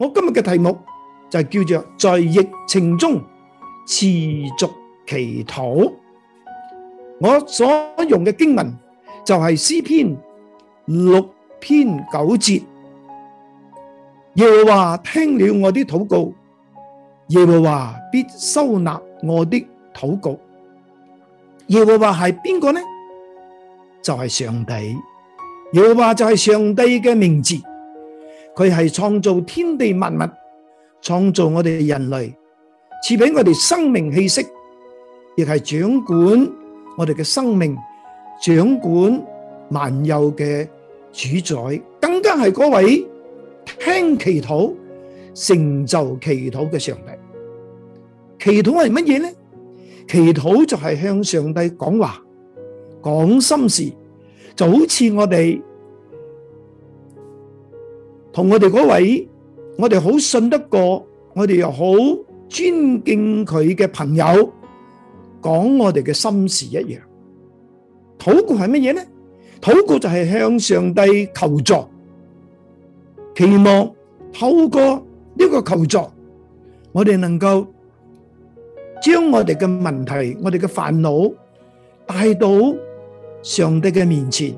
我今日嘅題目就叫做「在疫情中持續祈禱」。我所用嘅經文就係詩篇六篇九節。耶和華聽了我啲禱告，耶和華必收納我的禱告。耶和華係邊個呢？就係、是、上帝。耶和華就係上帝嘅名字。佢係創造天地萬物，創造我哋人類，賜俾我哋生命氣息，亦係掌管我哋嘅生命，掌管萬有嘅主宰，更加係嗰位聽祈禱、成就祈禱嘅上帝。祈禱係乜嘢咧？祈禱就係向上帝講話，講心事，就好似我哋。同我哋嗰位，我哋好信得過，我哋又好尊敬佢嘅朋友，講我哋嘅心事一樣。禱告係乜嘢呢？禱告就係向上帝求助，期望透過呢個求助，我哋能夠將我哋嘅問題、我哋嘅煩惱帶到上帝嘅面前，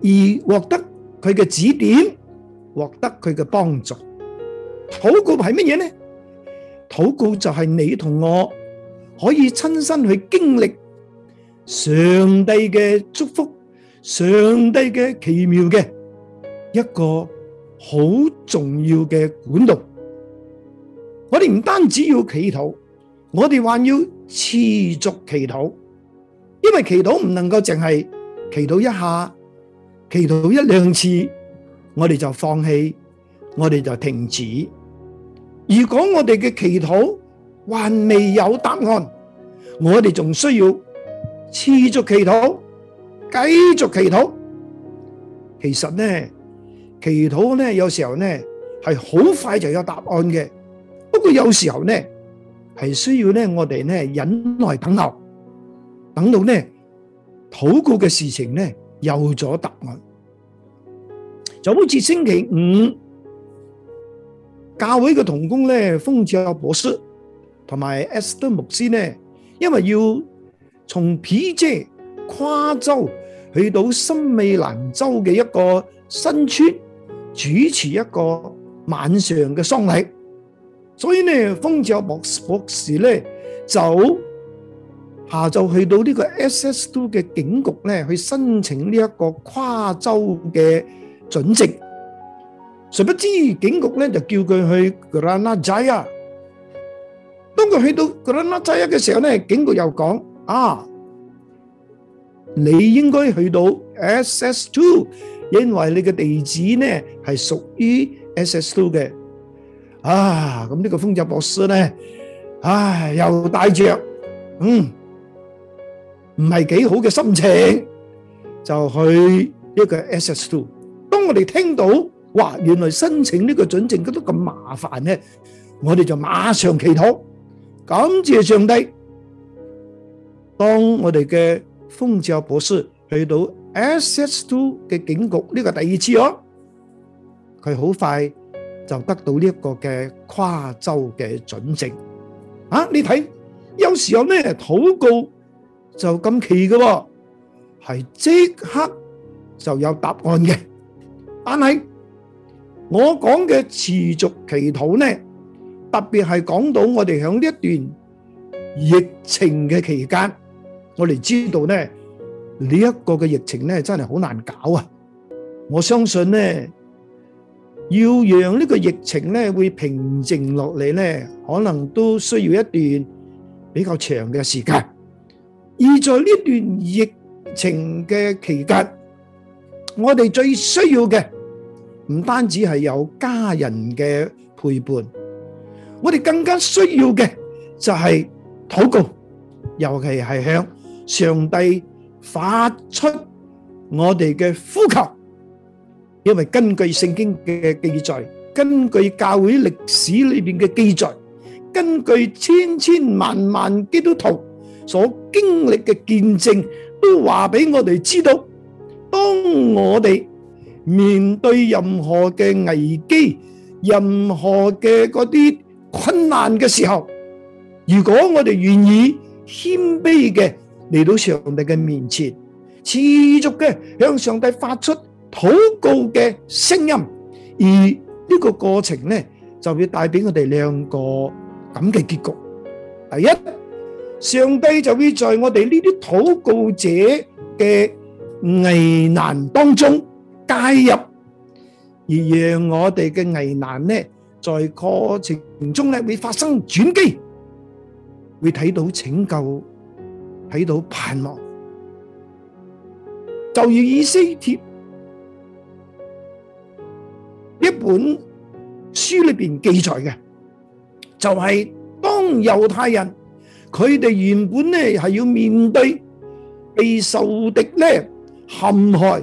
而獲得佢嘅指點。獲得佢嘅幫助，禱告係乜嘢呢？禱告就係你同我可以親身去經歷上帝嘅祝福，上帝嘅奇妙嘅一個好重要嘅管道。我哋唔單止要祈禱，我哋還要持續祈禱，因為祈禱唔能夠淨係祈禱一下，祈禱一兩次。我哋就放棄，我哋就停止。如果我哋嘅祈禱還未有答案，我哋仲需要持續祈禱，繼續祈禱。其實咧，祈禱咧，有時候咧係好快就有答案嘅，不過有時候咧係需要咧我哋咧忍耐等候，等到咧禱告嘅事情咧有咗答案。就好似星期五，教會嘅同工咧，封照博士同埋 S. S. 牧師咧，因為要從 PJ 跨州去到新美蘭州嘅一個新村主持一個晚上嘅喪禮，所以咧，封照博士博士咧就下晝去到呢個 S. S. 都嘅警局咧去申請呢一個跨州嘅。準職。誰不知警局咧就叫佢去 Kelana Jaya，啊。當佢去到 Kelana Jaya 嘅時候咧，警局又講，啊，你應該去到 S S two，因為你嘅地址呢係屬於 S S two 嘅。啊，咁呢個瘋子博士咧，唉，又帶着，嗯，唔係幾好嘅心情，就去呢個 S S two。我哋聽到，哇！原來申請呢個准證都咁麻煩咧，我哋就馬上祈禱，感謝上帝。當我哋嘅豐兆博士去到 SS2 嘅警局呢個第二次哦，佢好快就得到呢一個嘅跨州嘅准證。啊，你睇，有時候咧禱告就咁奇嘅，係即刻就有答案嘅。但係我講嘅持續祈禱呢，特別係講到我哋喺呢一段疫情嘅期間，我哋知道呢呢一個嘅疫情呢真係好難搞啊！我相信呢，要讓呢個疫情呢會平靜落嚟呢，可能都需要一段比較長嘅時間。而在呢段疫情嘅期間，我哋最需要嘅。唔單止係有家人嘅陪伴，我哋更加需要嘅就係禱告，尤其係向上帝發出我哋嘅呼求。因為根據聖經嘅記載，根據教會歷史裏面嘅記載，根據千千萬萬基督徒所經歷嘅見證，都話俾我哋知道，當我哋。面對任何嘅危機、任何嘅嗰啲困難嘅時候，如果我哋願意謙卑嘅嚟到上帝嘅面前，持續嘅向上帝發出禱告嘅聲音，而呢個過程咧，就會帶俾我哋兩個咁嘅結局。第一，上帝就會在我哋呢啲禱告者嘅危難當中。介入，而讓我哋嘅危難呢，在過程中呢會發生轉機，會睇到拯救，睇到盼望。就如以斯帖一本書裏邊記載嘅，就係、是、當猶太人，佢哋原本呢係要面對被受敵呢陷害。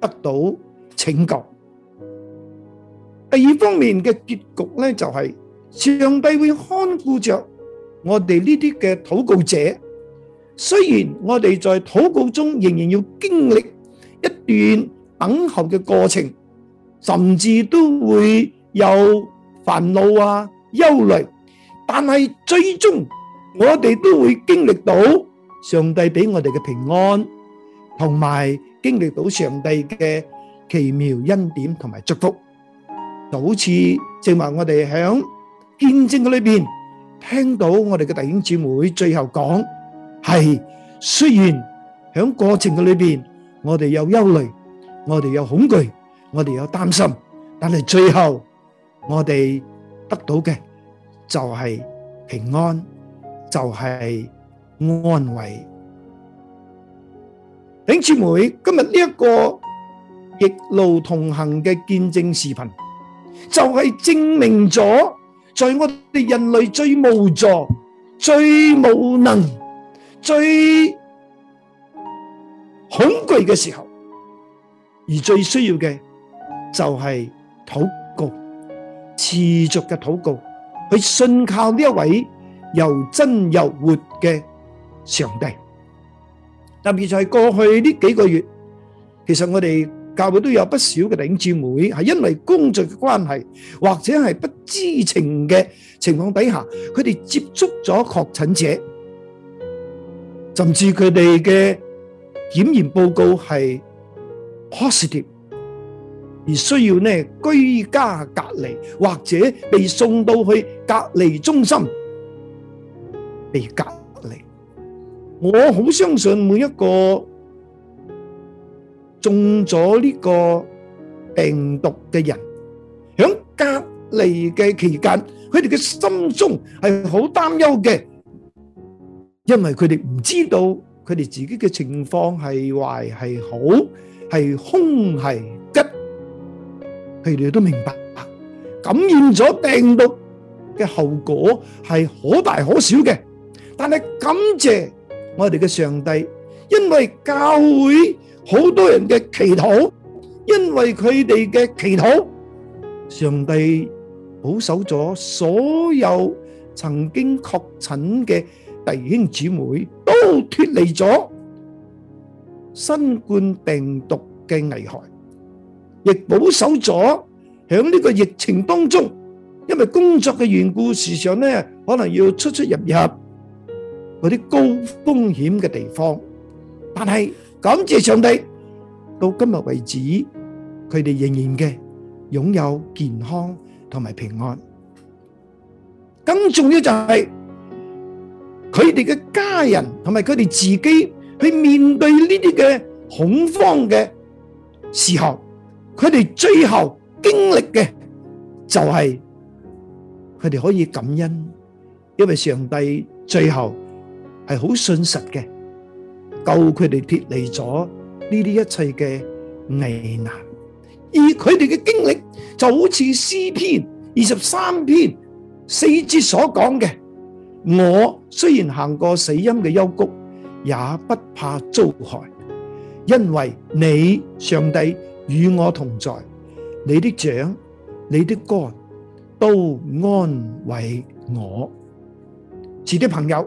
得到拯救。第二方面嘅結局呢，就係上帝會看顧着我哋呢啲嘅禱告者。雖然我哋在禱告中仍然要經歷一段等候嘅過程，甚至都會有煩惱啊、憂慮，但係最終我哋都會經歷到上帝俾我哋嘅平安。同埋經歷到上帝嘅奇妙恩典同埋祝福，就好似正話我哋響見證嘅裏邊聽到我哋嘅弟兄姊妹最後講，係雖然喺過程嘅裏邊，我哋有憂慮，我哋有恐懼，我哋有擔心，但係最後我哋得到嘅就係平安，就係安慰。領主妹，今日呢一個逆路同行嘅見證視頻，就係證明咗，在我哋人類最無助、最無能、最恐懼嘅時候，而最需要嘅就係禱告，持續嘅禱告，去信靠呢一位又真又活嘅上帝。特別就係過去呢幾個月，其實我哋教會都有不少嘅領事會，係因為工作嘅關係，或者係不知情嘅情況底下，佢哋接觸咗確診者，甚至佢哋嘅檢驗報告係 positive，而需要呢居家隔離或者被送到去隔離中心被隔。我好相信每一個中咗呢個病毒嘅人，喺隔離嘅期間，佢哋嘅心中係好擔憂嘅，因為佢哋唔知道佢哋自己嘅情況係壞係好係凶係吉，佢哋都明白感染咗病毒嘅後果係可大可小嘅，但係感謝。我哋嘅上帝，因為教會好多人嘅祈禱，因為佢哋嘅祈禱，上帝保守咗所有曾經確診嘅弟兄姊妹都脫離咗新冠病毒嘅危害，亦保守咗響呢個疫情當中，因為工作嘅緣故，時常呢可能要出出入入。嗰啲高風險嘅地方，但係感謝上帝，到今日為止，佢哋仍然嘅擁有健康同埋平安。更重要就係佢哋嘅家人同埋佢哋自己去面對呢啲嘅恐慌嘅時候，佢哋最後經歷嘅就係佢哋可以感恩，因為上帝最後。係好信實嘅，救佢哋脱離咗呢啲一切嘅危難，而佢哋嘅經歷就好似詩篇二十三篇四節所講嘅：我雖然行過死蔭嘅幽谷，也不怕遭害，因為你上帝與我同在，你的杖、你的竿都安慰我。遲啲朋友。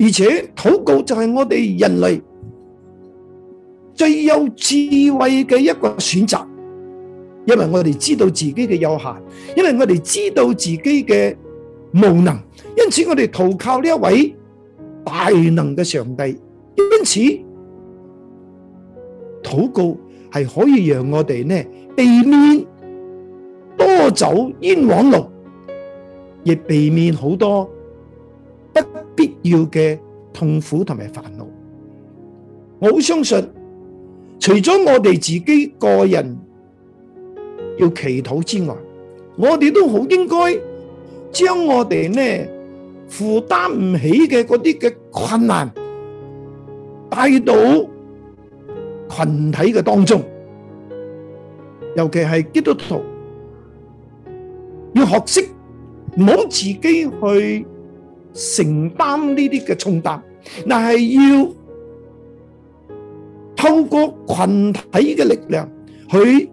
而且禱告就係我哋人類最有智慧嘅一個選擇，因為我哋知道自己嘅有限，因為我哋知道自己嘅無能，因此我哋投靠呢一位大能嘅上帝。因此禱告係可以讓我哋呢避免多走冤枉路，亦避免好多。要嘅痛苦同埋煩惱，我好相信，除咗我哋自己個人要祈禱之外，我哋都好應該將我哋呢負擔唔起嘅嗰啲嘅困難帶到群體嘅當中，尤其係基督徒要學識唔好自己去。承擔呢啲嘅重擔，但係要透過群體嘅力量，去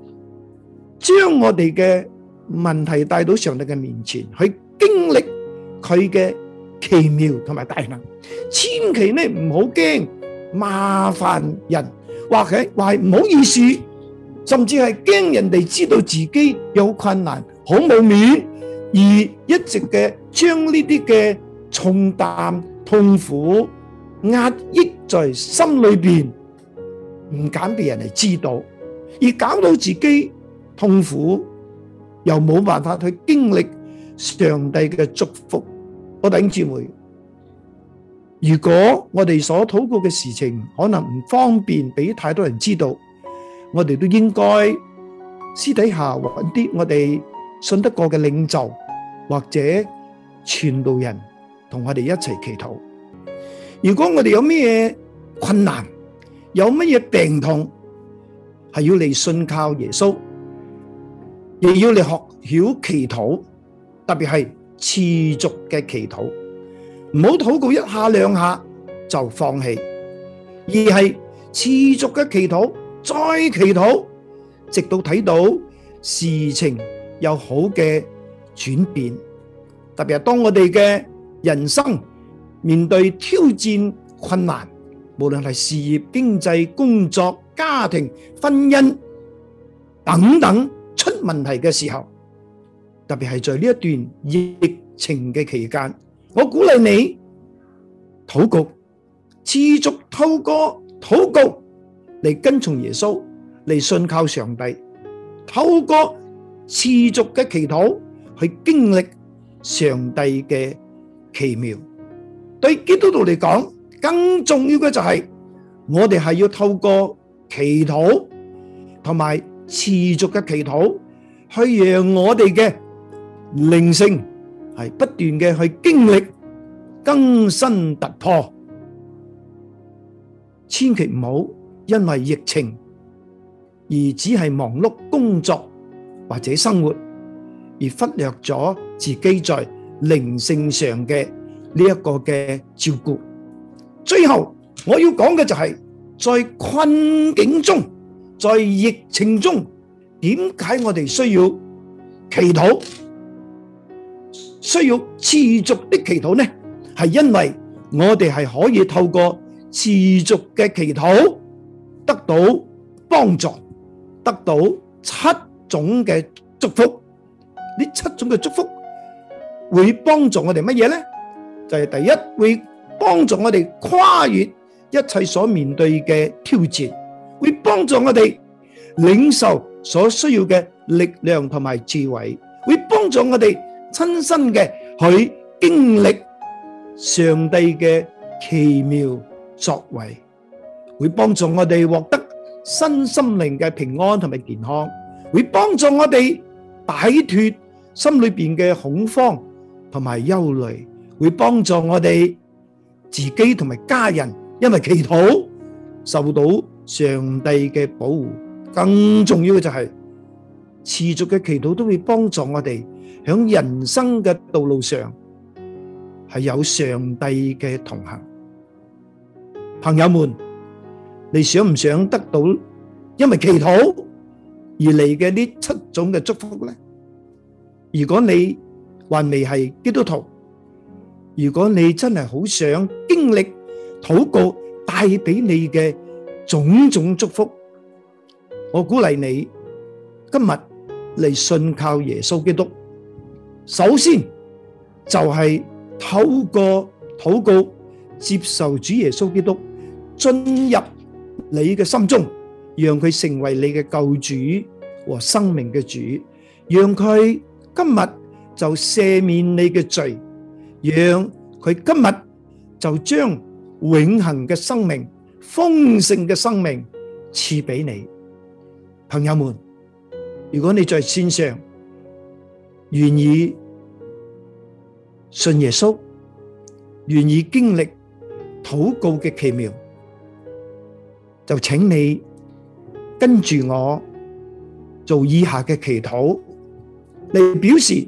將我哋嘅問題帶到上帝嘅面前，去經歷佢嘅奇妙同埋大能。千祈呢，唔好驚麻煩人，或者話唔好意思，甚至係驚人哋知道自己有困難，好冇面，而一直嘅將呢啲嘅。重擔、痛苦、壓抑在心裏邊，唔敢俾人哋知道，而搞到自己痛苦，又冇辦法去經歷上帝嘅祝福。我哋弟兄姊妹，如果我哋所禱告嘅事情可能唔方便俾太多人知道，我哋都應該私底下揾啲我哋信得過嘅領袖或者傳道人。同我哋一齊祈禱。如果我哋有乜嘢困難，有乜嘢病痛，係要嚟信靠耶穌，亦要嚟學曉祈禱，特別係持續嘅祈禱，唔好禱告一下兩下就放棄，而係持續嘅祈禱，再祈禱，直到睇到事情有好嘅轉變。特別係當我哋嘅。人生面對挑戰困難，無論係事業、經濟、工作、家庭、婚姻等等出問題嘅時候，特別係在呢一段疫情嘅期間，我鼓勵你禱告，持續透過禱告嚟跟從耶穌，嚟信靠上帝，透過持續嘅祈禱去經歷上帝嘅。奇妙對基督徒嚟講，更重要嘅就係我哋係要透過祈禱同埋持續嘅祈禱，去讓我哋嘅靈性係不斷嘅去經歷更新突破。千祈唔好因為疫情而只係忙碌工作或者生活，而忽略咗自己在。靈性上嘅呢一個嘅照顧，最後我要講嘅就係在困境中，在疫情中，點解我哋需要祈禱，需要持續的祈禱呢？係因為我哋係可以透過持續嘅祈禱得到幫助，得到七種嘅祝福，呢七種嘅祝福，會幫助我哋乜嘢呢？就係第一，會幫助我哋跨越一切所面對嘅挑戰，會幫助我哋領受所需要嘅力量同埋智慧，會幫助我哋親身嘅去經歷上帝嘅奇妙作為，會幫助我哋獲得身心靈嘅平安同埋健康，會幫助我哋擺脫心裏邊嘅恐慌。同埋憂慮，會幫助我哋自己同埋家人，因為祈禱受到上帝嘅保護。更重要嘅就係持續嘅祈禱都會幫助我哋響人生嘅道路上係有上帝嘅同行。朋友們，你想唔想得到因為祈禱而嚟嘅呢七種嘅祝福咧？如果你還未係基督徒，如果你真係好想經歷禱告帶俾你嘅種種祝福，我鼓勵你今日嚟信靠耶穌基督。首先就係透過禱告接受主耶穌基督進入你嘅心中，讓佢成為你嘅救主和生命嘅主，讓佢今日，就赦免你嘅罪，讓佢今日就將永恆嘅生命、豐盛嘅生命賜俾你，朋友們。如果你在線上願意信耶穌，願意經歷禱告嘅奇妙，就請你跟住我做以下嘅祈禱嚟表示。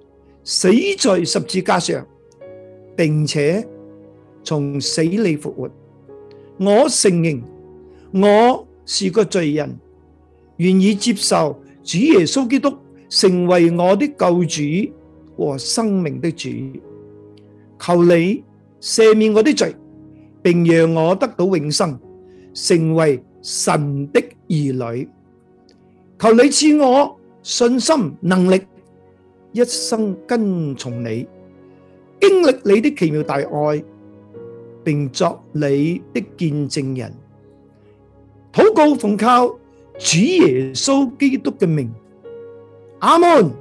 死在十字架上，並且從死裏復活。我承認我是個罪人，願意接受主耶穌基督成為我的救主和生命的主。求你赦免我的罪，並讓我得到永生，成為神的兒女。求你賜我信心能力。一生跟從你，經歷你的奇妙大愛，並作你的見證人，禱告奉靠主耶穌基督嘅名，阿門。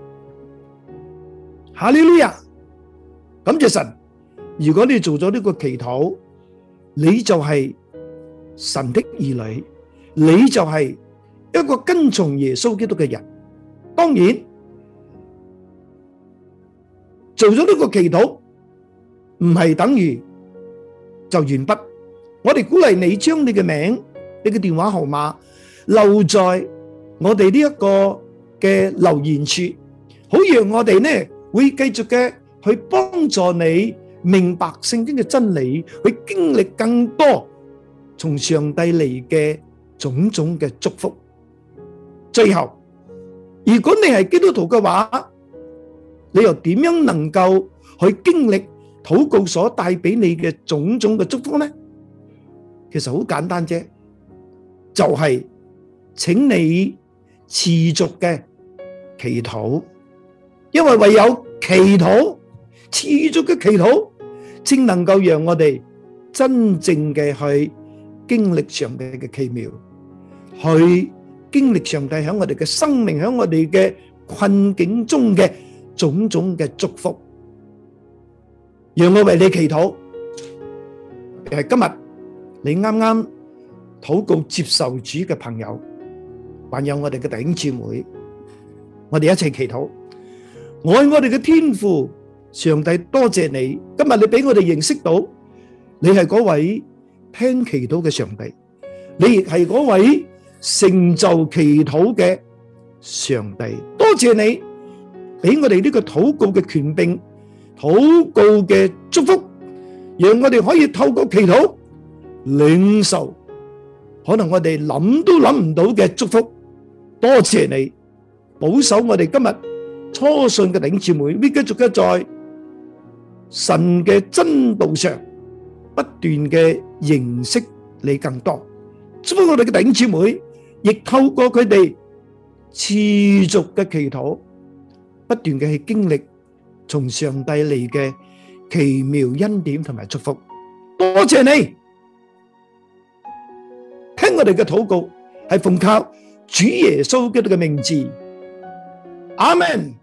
哈利路亞，感謝神，如果你做咗呢個祈禱，你就係神的兒女，你就係一個跟從耶穌基督嘅人，當然。做咗呢個祈禱，唔係等於就完畢。我哋鼓勵你將你嘅名、你嘅電話號碼留在我哋呢一個嘅留言處，好讓我哋呢會繼續嘅去幫助你明白聖經嘅真理，去經歷更多從上帝嚟嘅種種嘅祝福。最後，如果你係基督徒嘅話。你又點樣能夠去經歷禱告所帶俾你嘅種種嘅祝福呢？其實好簡單啫，就係請你持續嘅祈禱，因為唯有祈禱，持續嘅祈禱，先能夠讓我哋真正嘅去經歷上帝嘅奇妙，去經歷上帝喺我哋嘅生命，喺我哋嘅困境中嘅。種種嘅祝福，讓我為你祈禱。誒，今日你啱啱禱告接受主嘅朋友，還有我哋嘅弟兄姊妹，我哋一齊祈禱。愛我哋嘅天父，上帝多謝你，今日你俾我哋認識到，你係嗰位聽祈禱嘅上帝，你亦係嗰位成就祈禱嘅上帝。多謝你。俾我哋呢個禱告嘅權柄，禱告嘅祝福，讓我哋可以透過祈禱領受，可能我哋諗都諗唔到嘅祝福。多謝你保守我哋今日初信嘅頂住妹，繼續嘅在神嘅真道上不斷嘅認識你更多。咁我哋嘅頂住妹亦透過佢哋持續嘅祈禱，不斷嘅去經歷從上帝嚟嘅奇妙恩典同埋祝福，多謝你聽我哋嘅禱告，係奉靠主耶穌基督嘅名字，阿門。